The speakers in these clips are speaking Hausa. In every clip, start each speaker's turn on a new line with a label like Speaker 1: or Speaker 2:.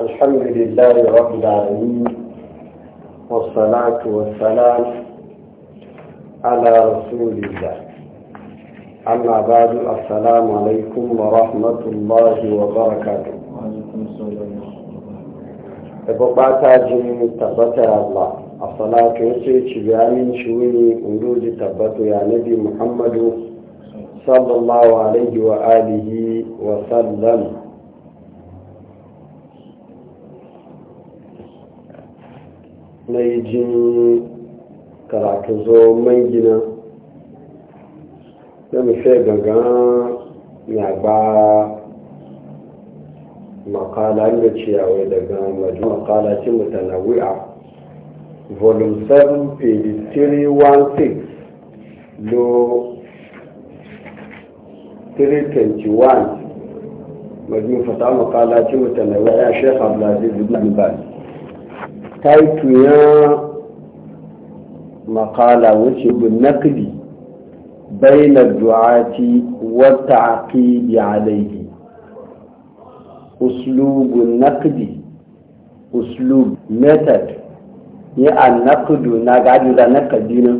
Speaker 1: الحمد لله رب العالمين والصلاة والسلام على رسول الله أما بعد السلام عليكم ورحمة الله وبركاته وعليكم جميل تبتع الله الصلاة والسلام على شوي أولوج تبتع يا نبي محمد صلى الله عليه وآله وسلم na yi jin karatu zo man gina na mafi gaga na ba makala da ciyawa daga majin makala mutane wuya volume 7 page 316 lo 321 majin fata makala mutane wuya shekaru da zai zubi taituyan makala wuce bunnakdi bai na duwati wata ake yi alaihi uslubu nakdi uslub method ya an nakdu na gaji da nakadi nan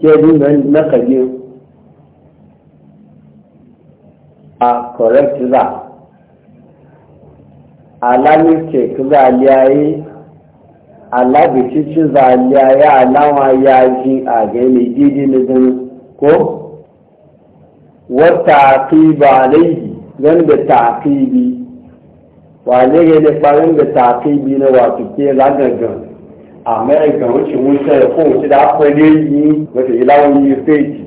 Speaker 1: ke yi nakadi a correct za alamir ke kuzari ya alábìsísí zàlẹ́ ya aláwọn ayájí àgẹ́lẹ̀ dídí nìkan kó na tààkì bá léyìí gani ba tààkì bí da lẹ́yìn nípa gani ya tààkì bí da wà tùkí lágàngàn amẹ́ríkà ó ti mú sẹ́yìn fún òun ti dá pẹ́ da wọ́n ti wata láwọn yi fèèjì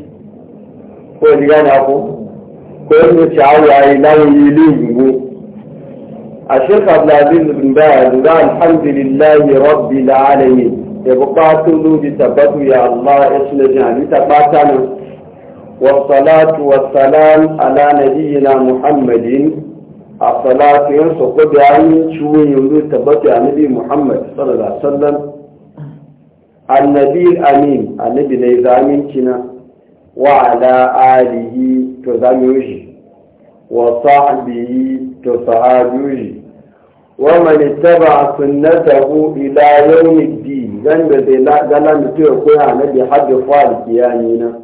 Speaker 1: ko o ti gánà ko yi o ti àwọn ayé láwọn yìí الشيخ عبد العزيز بن باز قال الحمد لله رب العالمين يبقى تلوج تبت يا الله اسم جاني تباتنا والصلاة والسلام على نبينا محمد الصلاة ينصف بعين شوي يلوج تبت يا نبي محمد صلى الله عليه وسلم النبي الأمين النبي ليس أمين كنا وعلى آله تزاميوجي وصحبه تزاميوجي ومن اتبع سنته الى يوم الدين جنب ذلا جلا متوى كوها نبي حد فارق يانينا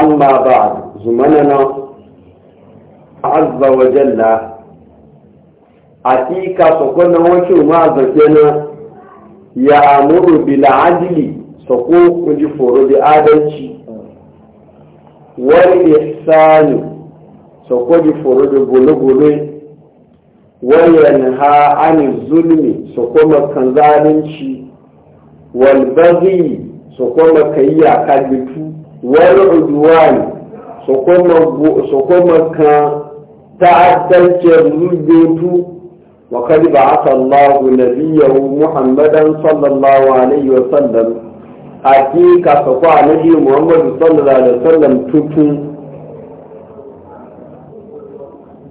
Speaker 1: اما بعد زمننا عز وجل أتيكا سكون وكي ما زكينا امر بالعدل سكون سكو والاحسان سكون والإحسان سكو بولو بولو وينهى عن الظلم سقوم كنزالنشي والبغي سقوم كيا كالبتو والعدوان سقوم كان تعدلت الرجوت وقد بعث الله نبيه محمدا صلى الله عليه وسلم حقيقة سقوى نبي محمد صلى الله عليه وسلم تكون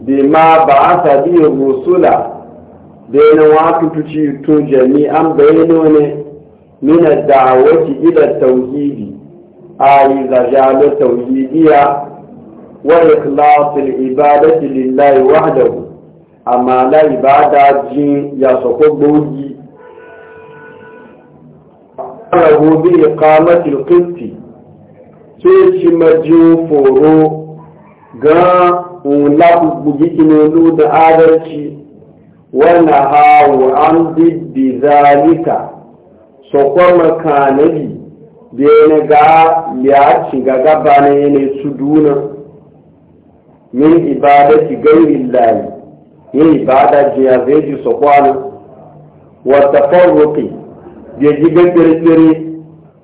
Speaker 1: bima ba a sabi rusula da wa wafi tuci tun jami'an bayano ne mina da'awati ila tauhidi a yi zajalo tauhidiya wa ikhlasul ibadati lillahi wahdahu amma la ibada jin ya sako gbogi rahu bi iqamati alqibti sai ci majo foro ga lafi bugikine lu da adalci wani hawo an bibbi zalika sokwa makanabi da yana ga ya ci ga gaba na yana su duna min ibadati gairi layi yin ibada ya zai ji sokwa na wata farroki da ji ga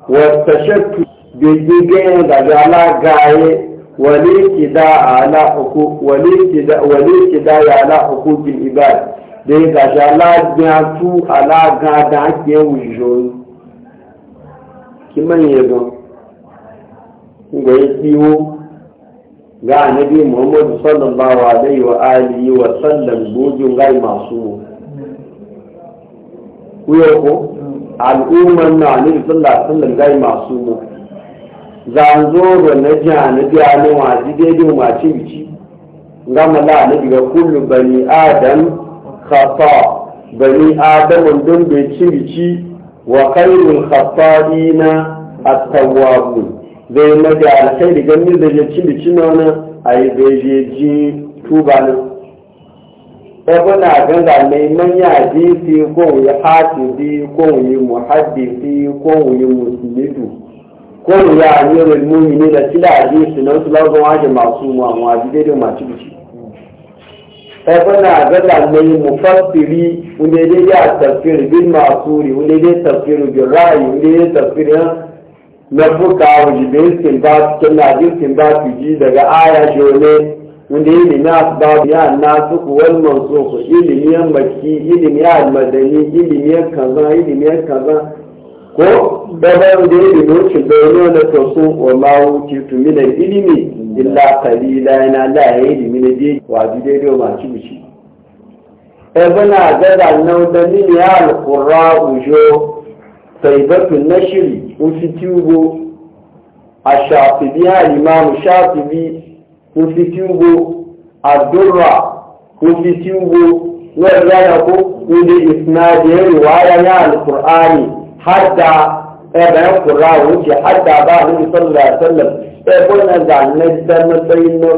Speaker 1: wata shakki da ji ga yin gaga gaye walikida ya ala hukukin ibad da ya gashi alagan tu alaga da ake wujo kiman ya zo ga ya tsiwo ga annabi muhammadu sallallahu alaihi wa alihi wa sallam bujin gai masu mu. ko al'umman na annabi sallallahu alaihi wa sallam gai masu mu zanzo da na jiya na biya wa ji daidai ci biki gama la na biya kullu bani adam khata bani adam don bai ci biki wa khairul khata'ina at-tawwabun zai na da alkhairi ganin da ya ci biki na wani ai bai je ji tuba ne ebuna e ganga mai manya ji ko yi hasibi ko yi muhaddisi ko yi muslidu kun ya amira mumini da sila hadisi na wasu lagun waje masu mamuwa jide da masu biki ɗaya na gaza mai mufassiri wanda dai ya tafsir bin masuri wanda dai tafsir bin ra'ayi wanda dai tafsir na fuka wajen da yaskin ba su na jirkin ba su ji daga aya shone wanda yi na ba ya na su kuwan mansuku ilimiyar maki ilimiyar madani ilimiyar kaza ilimiyar kaza ko gabar da ya da wuce gano na taso wa mawu ke tumina ilimi illa kalila yana da ya yi limina je waji daidai ma ci bici ebana gaza nan da mini ya alƙura ujo taibatun na shiri ufi tubo a shafibi ha imamu shafibi ufi tubo a durra ufi tubo wani yana ko wani isnadiyar riwaya na alƙur'ani hatta ɗaya eh, kura wuce hatta ba a nufi sallallahu alaihi wasallam ɗaya eh, kuna zane da matsayin na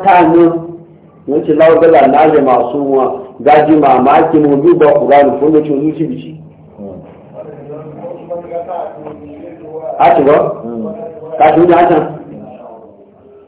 Speaker 1: tsakanin wuce laugala na da masu wa gaji mamaki mu bi kura ni kun da cin bici hmm. a ci ba? Hmm. ka ci wuce a can?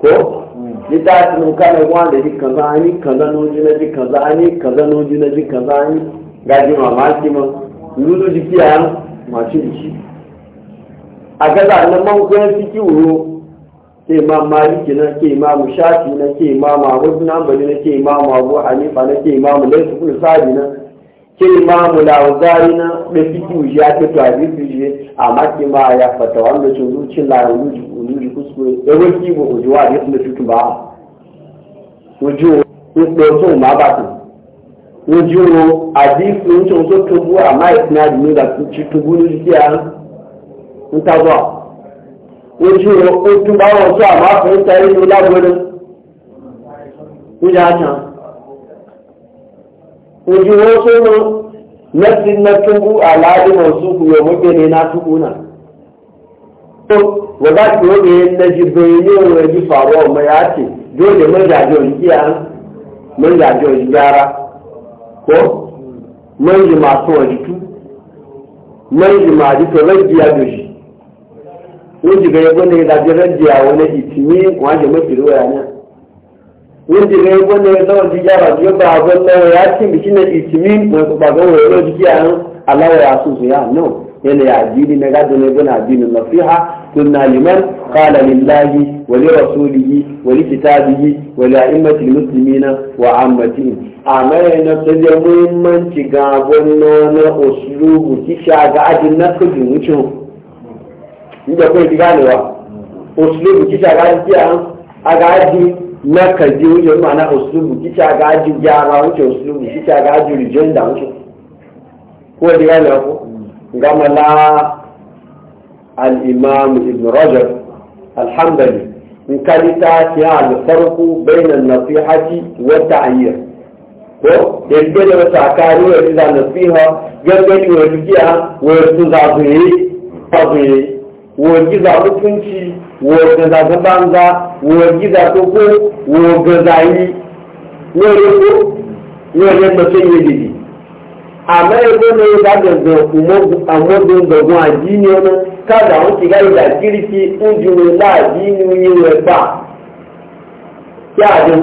Speaker 1: ko littafin mun kana kuma da ji kaza ni kaza noji na ji kaza ni kaza noji na ji kaza ni gaji mamaki ma lulu ji kiya ma mu ji a gaza na man kuma fiki wuro ke ma maliki na ke mu shafi na ke ma abu na bali na ke imam abu hanifa na ke mu laifin kun sabi na ke imamu da auzari na da fiki ya ke to hadisi je amma ke ma ya fata wanda ce zuci la ruji ruji kuskure da wani ba ku jiwa da su tutu ba ojú ìpòtò mábàtì ojú àdífù ń tó tó tóbú àmá ìpín àdìmílà ti tóbú lórí sí àárín ń tábọ̀ ojú ó tún bá wọn tó àmá fún ìtẹ́rí ní lágbóná níjà àjàn ojú wọn na mọ mẹsì mẹtúngú aláàdé mọ sùkú yọ mọgbẹ ní iná na kúnà tó wọgá tí ó lè nẹjú bẹyẹ ní òun ẹjú faruwa mai ake tì yóò lè mọjàjọ yìí kí á mọjàjọ yìí dára kó mọyì máa ji ọdún tú mọyì máa di tó lẹ́jì àdòjì ó jìgẹ̀ ẹgbẹ́ ní na lẹ́jì àwọn ẹ̀jì tì wanda ga yabo ne zawa ji ya ba ba abin nan ya ce miki na itimi ko ba ga wani lokaci ya nan Allah ya su su ya no yana ya addini na gado ne gona addinin nasiha kunna liman qala lillahi wa li rasulihi wa li kitabihi wa li a'immati muslimina wa ammatihim amma yana tsaye muhimmanci ga gwanno na uslubu na kaji wuce mana usulubu kica gaji gyara wuce usulubu kica gaji rijiyar da wuce ko da yana ku gama la al-imam ibn rajab alhamdali in kalita ta al-farqu bayna an-nasihati wa ta'yir ko da yadda da tsakani wa da nasiha yadda da wa dukiya wa su zafi wa giza mutunci wo gaza tó bánga wo jíza tó kó wo gaza yìí ní ọdún tó ní ọdún tó tó yé dìdì àmọ́ ẹgbẹ́ náà yóò bá gbẹ̀gbẹ̀ àmọ́dún gbọ̀ngàn àdínní ọ̀nà káàdà àwọn tìgá ìdá kiri ti ń ju ní láàdínní yìí rẹ̀ gbà kí àdún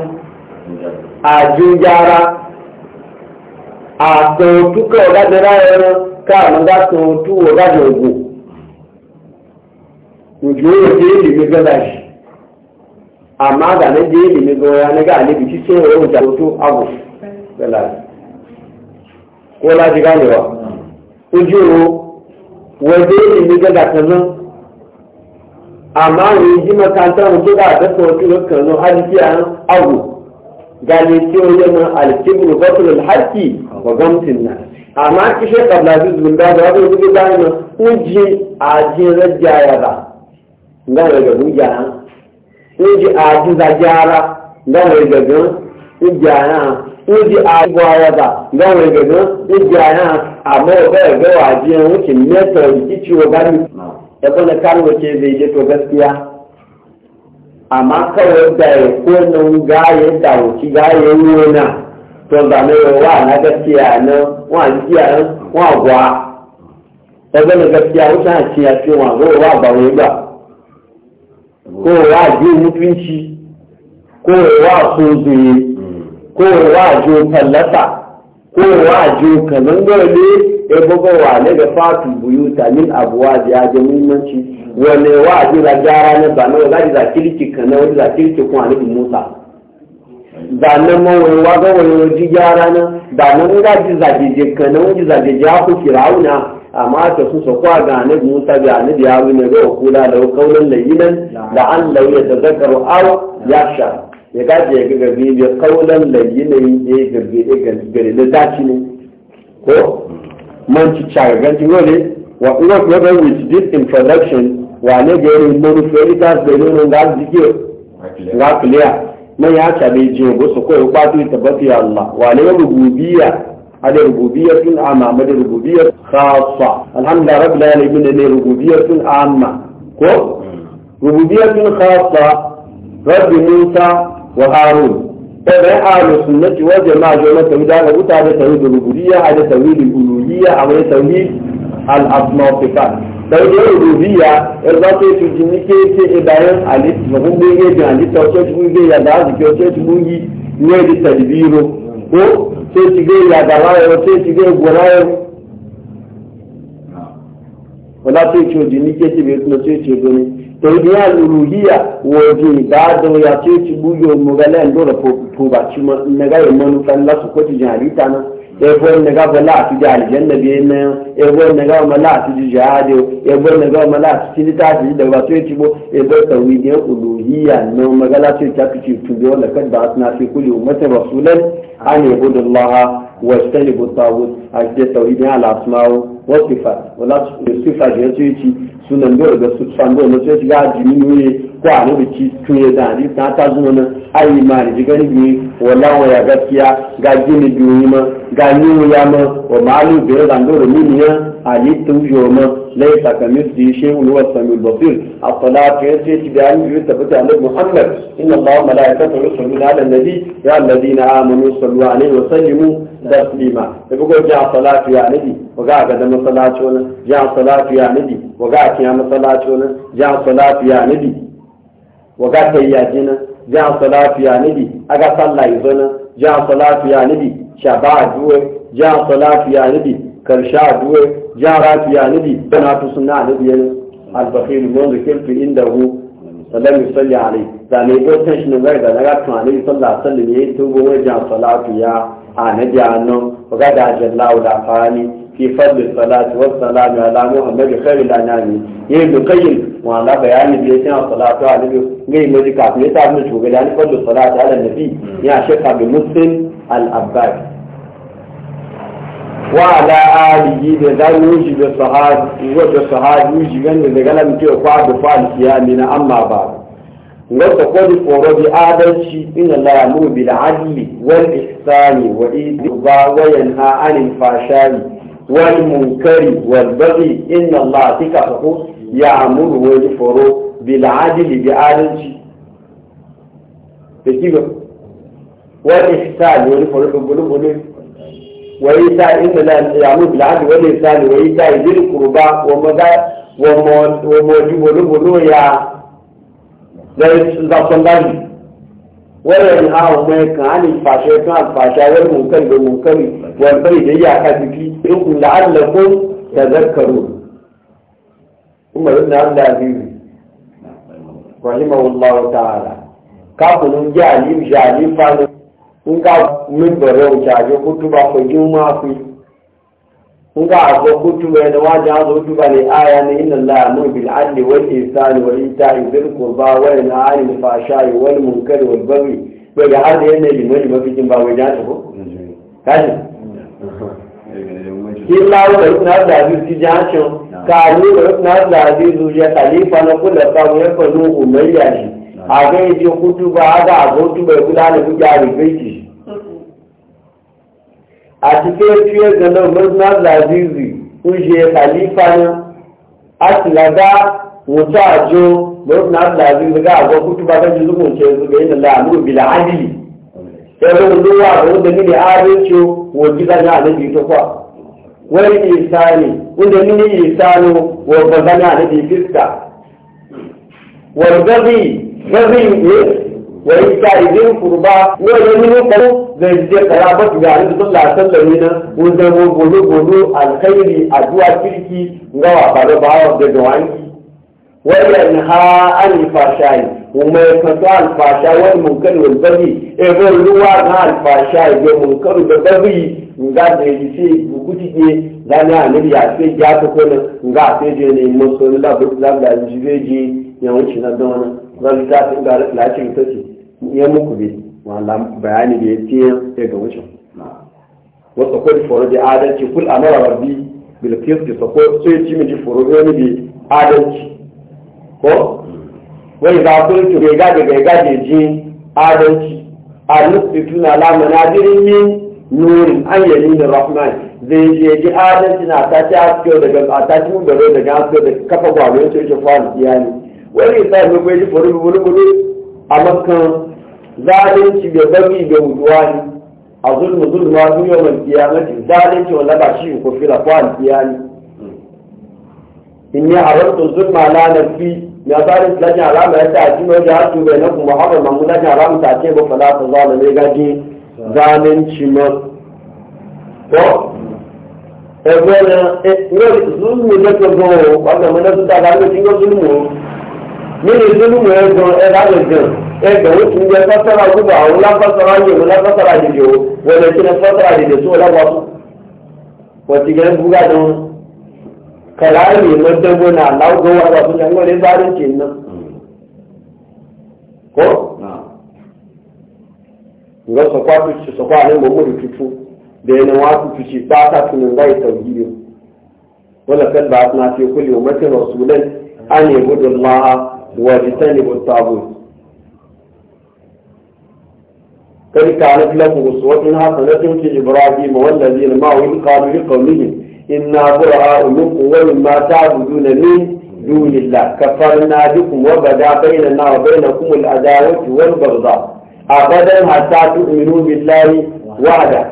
Speaker 1: àdúnyára àtọ̀ òtúkọ̀ ọ̀gá jẹ́ra ẹran káàmù dá tó tú ògùn. ojú ó dé èlèmí gbọ́dá yìí àmọ́ àgbàlẹ dé èlèmí gbọ́dá nígbà níbi tí sọ òun jà tó àwò gbọ́dá kó láti ká nìwọ ojú ó wọ dé èlèmí gbọ́dá kan náà àmọ́ àwọn èyí mọ́kántà òun tó bá àtẹ́kọ̀ọ́ tí ó kàn náà á di kí àwọn àwò gane cewa yana alkibru batul haqqi wa gamtin nas amma kishe kabla zuwa da wani gudu bayan uji a jin rajjaya da. ngawo ndị buja uji ajiza jara ngawo ga gan ndị na agwa wada ngawo ga gan uja amo be ga waji en meto e ko na kan wace je to gaskiya da ya ko nan ga ya da wuci ga ya nuna to wa na gaskiya nan wa wa gwa gaskiya a wa ba ba ko wa ji mutunci ko wa so zuye ko wa jo fallasa ko wa jo kanan gole e bugo wa ne da fatu buyuta min abuwa da da muhimmanci wale wa ji da gara ne ba ne ga da kirki kanan wani da kirki kuma ne Musa da nan mawai wa ga wani ji gara ne da nan ga ji zaje kanan wani zaje ja ku firawuna amma ta su sakwa ga annabi Musa bi annabi ya wuni ga kula da kaulan layinan da an lauya ta zakaru aw ya sha ya gaje ga gabi bi kaulan layinan ya gabi da gabi da daci ne ko man ci chaga ganti wole wa ina ko ga with this introduction wa ne ga yin mun ferita da yin ga dikio ga clear man ya ta be je go su ko ya kwatu tabbati Allah wa ne rububiyya على ربوبية عامة هذه ربوبية خاصة الحمد لله رب العالمين هذه ربوبية عامة كو ربوبية خاصة رب موسى وهارون تبع أهل السنة والجماعة جمع التوحيد هذا هو هذا توحيد الربوبية على توحيد الألوهية على توحيد الأسماء والصفات توحيد الربوبية إرضاته في جنكة إبراهيم عليه السلام هم بيجي عن التوحيد بيجي يدعى ذكر التوحيد بيجي نيجي تدبيره ko sai shige yaga rayo sai shige gorayo wala sai ce ji ni ke ce bai kuma sai ce gani to ni ya luruhiya waje ya ce ci buyo mugalen dole ko to ba ci ma na ga kan lasu ebon na gaba la su ji aljanna bi na ebon na gaba la su ji jihadi ebon na gaba la su ji ta ji da wato yace bo ebon tawhid ya uluhiyya no magala ce ta fice to da wala kad ba asna fi kulli ummatin rasulan an yabudu allaha wa yastanibu tawhid ajja ne ala asma'u wa sifat wala sifat ya ce suna ndoro da su san go sai shiga jini ne ko a ne ci tuye da ni ta ta zuwa nan ayi ma ni diga ni wala wa ya gaskiya ga gini duni ma ga ni ya ma wa malu bi da ndoro ni ne ali tu yo ma laisa kamithli shay'un huwa as-sami'ul basir at-talaq yati bi an yuthabbata ala muhammad inna allaha wa malaikatahu yusalluna ala an-nabi ya alladhina amanu sallu alayhi wa sallimu taslima daga ko ja salatu ya nabi waga ga da masallaci wala ja salatu ya nabi waga ki ya masallaci wala salatu ya nabi waga tayyaji na ja salatu ya nabi aga sallah yana salatu ya nabi shabadu ja salatu ya nabi karsha duwe جاءت يا نبي بنات سنة نبي البخيل من ذكر في عنده لم يصلي عليه يعني بو تنش نبي دا نغا كاني صلى الله عليه وسلم يتوب وجه صلاة يا آه نبي عنه وقد أجل الله في فضل الصلاة والسلام على محمد خير الأنام يبن قيم وعلى بيان بيتنا الصلاة على النبي غير مزكاة ليتعب نشوك لأن يعني فضل الصلاة على النبي يا شيخ عبد المسلم الأباك وعلى آله بذن وجب الصحاب وجب الصحاب وجب أن يدغل متي وقعد فالكيامين أما بعد وتقول فورد آدلشي إن الله يأمر بالعدل والإحسان وإيتاء وينهى عن الفحشاء والمنكر والبغي إن الله تكفه يأمر ويفرو بالعدل بآدلشي تكيف والإحسان ويفرو بالبغي وإيتاء إنما يعمل بالعدل والإحسان وإيتاء ذي القربى وموجب الأمور يا ذا صندلي وينهى عن عن الفحشاء عن الفحشاء والمنكر بالمنكر والبغي يا كذبي يقول لعلكم تذكرون ثم ابن عبد العزيز رحمه الله تعالى كابن جعلي جعلي فانو nga mibere ucaje kutuba ko juma fi nga ago kutuba da waje azo kutuba ne aya ne inna allaha amuru bil adli wal ihsani wa ita'i dhil qurba wa yanha 'anil fahsha'i wal munkari wal baghi to da har da yana yi mai mafikin ba wajen ta ko kaji kila da na da ji jancin ka ni na da ji zuciya khalifa na kullu ka mu yafa nu umayya shi àgẹ́yẹ̀dì kútùbà ádá àgótùbà ìkúlá nìkújà àrègbèjì àti pé tí ó gan náà ṣe kàlífà náà a sì lágá wòtá àjọ mọ́sánà làzízì gá àgọ́ kútùbà tó jùlọ kò ṣe ṣùgbọ́n yìí nàlá àmú ìbílẹ̀ ádìlì ẹgbẹ́ olówó àwọn obìnrin ní àárẹ̀tò wò jíga náà níbi tó pọ̀ wọ̀ mafi ne wa yi ta idin kurba ne da ni ko zai je kara ba ga Ali sallallahu alaihi wasallam ne wanda mu golo golo alkhairi addu'a kirki ngawa ba da bawa da gawanki wa yanha an fashai kuma ya fato alfasha wani munkar wal bari e go ruwa na alfasha ya munkar da bari nga da yi ce gukuti ke zana annabi ya ce ya ta kona nga sai je ne musulunta bu da da jibeji yawanci na da wannan zan ta tun da lafiyar ta ce ya muku bi wala bayani da ya ce ya ga wucin wasu kwai foro da adalci kul a mara rabbi bilkis ki sako so ya ci miji foro ya ni da adalci ko wani za ku yi ki ga daga ga da ji adalci a nufi tuna lamana dirin yin nurin an yali da rahman zai je ji adalci na ta ci haske daga a ta ci mun da garo daga haske da kafa gwamnati ya ce fa'al iyali wani isa ne kuma yaji fari wani wani a makan zalunci da bari da wuduwa ne a zulmu zulma sun yau mai kiyamati zalunci wanda ba shi ko fila ko alkiyani in ya haramta zulma na nafi na zalunci lajin alama ya ta a cikin wajen hasu bai na haɓar ta ce ní nínú ìdúnnúmọ ẹgbọn ẹlẹgbẹgbọn ẹgbọn ó ti ń jẹ sọsọra gbogbo àwọn lápásọra yòówó lápásọra dìde o wọlé tí wọn sọsọra dìde tó lọwọtú wọtí gẹ gbúgbà dán kàláàlì lọdẹgbọn náà láwùjọ wà wà tó yàgbọn lé sáré tì ń ná. kọ́ ǹgọ́ sọ̀kọ́ àtúntì sọ̀kọ́ àlẹ́ mọ̀mọ́dù tuntun bẹ́ẹ̀ ni wọ́n á tutù sí pátá tunu واجتنبوا الطاغوت قد كانت لكم أسوة حسنة في إبراهيم والذين معه إذ قالوا لقومهم إنا براء منكم ومما تعبدون من دون الله كفرنا بكم وبدا بيننا وبينكم العداوة والبغضاء أبدا حتى تؤمنوا بالله وعدا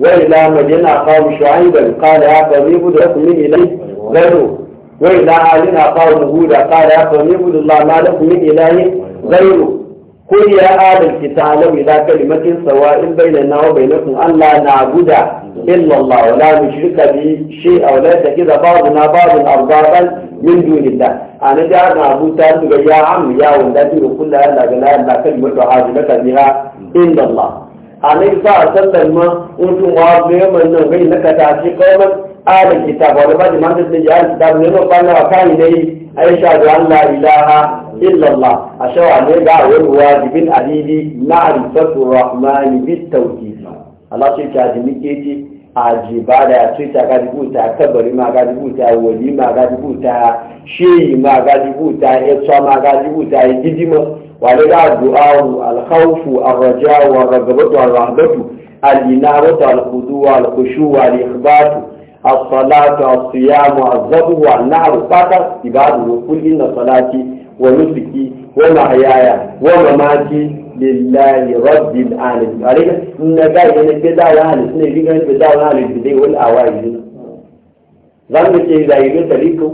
Speaker 1: وإلى مدينة قام شعيبا قال يا قريب ادعكم إليه غيره Wai da Aliyu na tsawon rubuta. Kada ya sa, da zama da alaƙumi na zai yi" Zai nuna. Kuma ya yi adalci ta alaƙi da kalimantar sauraron in bai da nama bai Allah na buɗa ilimin ba. A wani abu shirin kada shi a wani ajiye da tsarin ba. Na bada al-baban yin duniya. A nan da haɗin abubu ya wanda yi ma kunna yalla da lallai na kalimanta haɗu na ƙadira. Inda ma. A nan, ba a sallar ma mutum ba. Mu yi nan, bai na kataki kawo masu. آل الكتاب ولما دي من دي آل الكتاب لأنه قلنا وكان إليه أشهد أن لا إله إلا الله أشهد أن لا والواجب عليه معرفة الرحمن بالتوحيد الله شيء كاذب كيتي ajiba da ya ce ta gaji buta kabari ma gaji buta wali ma gaji buta shehi ma gaji buta yatsa ma gaji buta ya gidima wale da du'awu alkhawfu arraja'u warragabatu arrahbatu alinabatu alkhudu alkhushu alikhbatu الصلاة والصيام والذبح والنعر فاتا عباده قل إن صلاتي ونسكي ومحياي ومماتي لله رب العالمين عليك إن قاعد أنا كده يعني سنة يجيك بدا يعني بدي والأوائل ظن شيء إذا يجي تليكو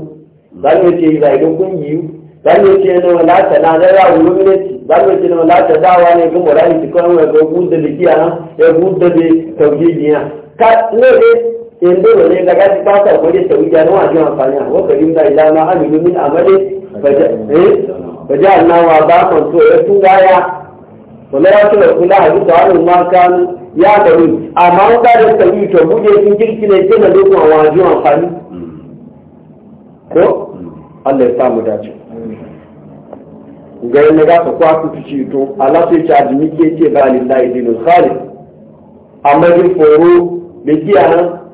Speaker 1: ظن شيء إذا يجي كنجيو ظن شيء إنه لا تنا لا ولمنتي ظن شيء إنه لا تدعوا أنا كم ولا يتكلم ولا يقول ده لكي أنا يقول ده لتوجيهنا كات نه in dole ne daga ci fasa ko da sauyi da nawa ji amfani wa karim da min amali fa ja'alna wa ba'an to ya tuwaya wala ya tura kula hadu ta'alum ma kan ya gari amma ka da sauyi to buje sun kirki ne kina lokacin wa ji ko Allah ya samu dace ga yana ga kwa ku to ce ba lillahi dinul khalid amma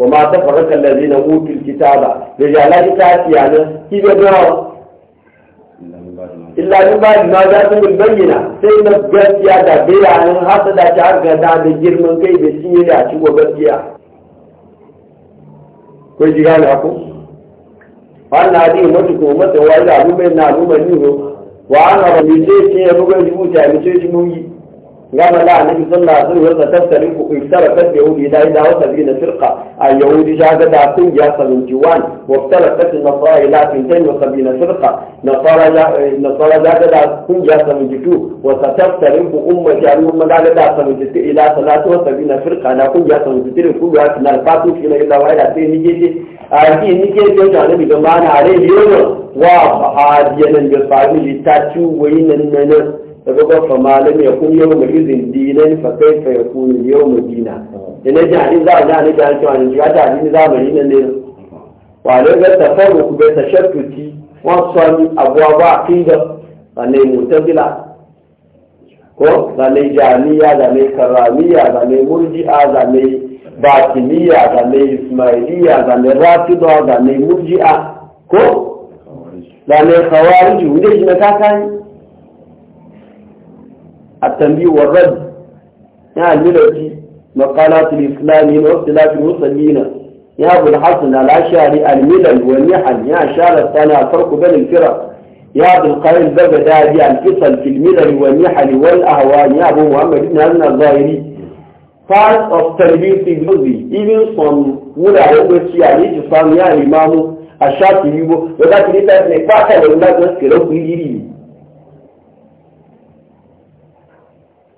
Speaker 1: وما تفرق الذين أوتوا الكتاب رجالا على كيف يدعو إلا من بعد ما جاءتهم البينة سيما بغتيا دا بيانا حتى دا شعر غدا دا جرمان كي بسيرا شو بغتيا كوي جيغان أكو وأنا هذه أمتكم أمتكم وإذا أمم إن أمم نيه وأنا رمي سيسي أمم يجبوتا أمم يجبوتا قال لا النبي صلى الله عليه وسلم تفترق افترقت يهودي لا إذا وصل بين فرقة اليهودي جاهد دا كن جاهد من جوان وافترقت النصارى لا تنتين وصل بين فرقة نصارى جاهد دا كن جاهد من جتو وستفترق أمة جاهد أمة لا لدى من جتو إلى ثلاثة وصل بين فرقة لا كن جاهد من جتو كل واحد من الفاتو فينا إلا وإلا في نجيتي أعطي نجيتي وجاء النبي صلى الله فبقى فما لم يكون يوم إذن دينا فكيف يكون اليوم دينا إن جعل إذا جعل جعل جعل جعل جعل إذا مرينا لنا وعليه بالتفرق بالتشكك وصل أبواب عقيدة فنه متبلع كو فنه جعلية فنه كرامية فنه مرجئة فنه باطنية فنه إسماعيلية فنه راتضة فنه مرجئة كو خوارج ودهش مكاكاين التنبيه والرد يا الملوكي مقالات الإسلام واختلاف المسلمين يا أبو الحسن العشاري الملل والنحل يا شارع الثاني الفرق بين الفرق يا أبو القائل بغدادي الفصل في الملل والنحل والأهوان يا أبو محمد بن هزن الظاهري part of television movie even from Mula bacci Ali to Samia Imamu, ya limamu a shafi yiwu da part of the ne fata da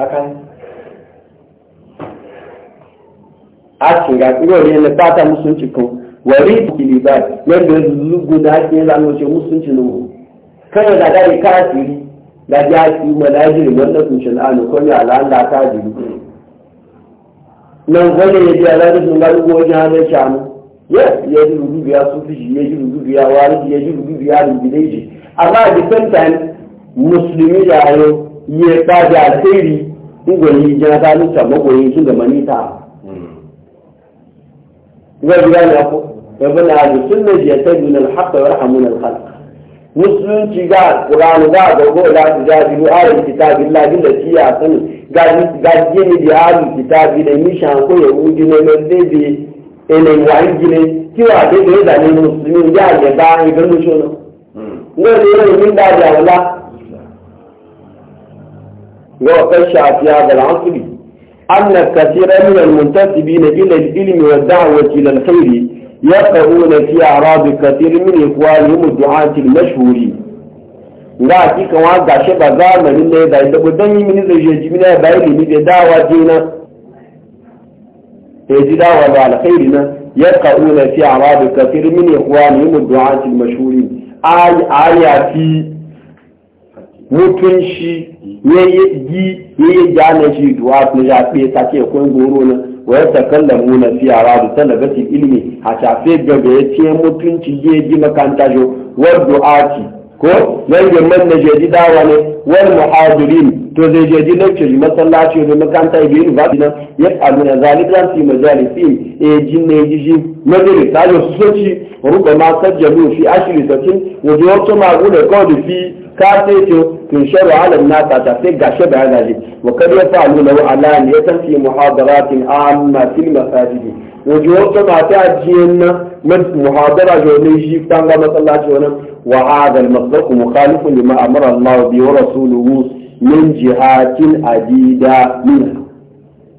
Speaker 1: hakan a ga tsiro ne na fata musulunci kan wari kilibar yadda zugu da ake yi zanen na musulunci kan kada da dare kafiri da ya fi malajiri wanda sun shi al'adu ko ya al'anda ta jiri nan wani ya ji sun gari ko wajen hannun shanu yes ya ji rubu biya ya ji rubu biya wani ya ji rubu biya amma a the time musulmi da ya ba da alheri ngwani jata ni ta magoyi shi ga manita zai gida ne ko yabo na da sunna ji ta bin al wa rahmun al musulunci ga qur'ani ga ga go da ga bilu ayat kitabillah din da tiya san ga ga da ayat kitabi da mishan ko yahudi ne e ne da bi ene wangi ne kiwa da da da ne musulmi ya ga ba ga mushona ngwani ne min da da wala وقشع في هذا العصر أن كثيرا من المنتسبين إلى العلم والدعوة إلى الخير يقعون في أعراض كثير من إخوانهم الدعاة المشهورين لا تيكا وعدا شبا زالما من لا يدعي دبو دمي من الزجاج من أبايل من دعوة دينا هذه دعوة على خيرنا يقعون في أعراض كثير من إخوانهم الدعاة المشهورين آي آياتي متنشي yeye ji yeye ja na shi duwa ko ya pe ta ke kun goro na wa ya takallamu na fi aradu talabati ilmi a shafe gaba ya ce mutunci je ji makanta jo wa du'ati ko yanda man na je dawa ne wal muhadirin to zai je ji lecture masallaci ne makanta ibe ni ba dinan ya aluna zalikan fi majalisi e ji ne ji ji majali ta jo soci ruba ma sajjalu fi ashri sakin wa jo to ma gune ko fi ka sai ce tun sharu ala nasa ta sai gashe da yana wa kad ya fa'alu wa ala ne ya fi muhadaratin amma fil masajid wajen wata mata ajiyen na muhadara jo ne shi ga masallaci wannan wa hadha al-masdaq mukhalifun lima amara Allah bi wa rasuluhu min jihatin adida min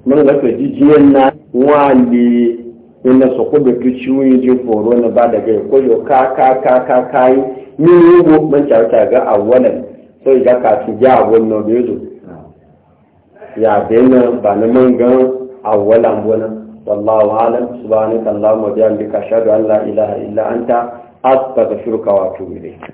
Speaker 1: mun ga to jiyen na wali ina na ko da kici wani jin foro na ba gai ko yau ka ka ka ka yi min yugo man kyauta ga awalan sai ga ka ci ya wannan bezo ya bena ba na man ga awalan wona wallahu alam subhanaka allahumma wa bihamdika ashhadu an la ilaha illa anta astaghfiruka wa atubu ilayk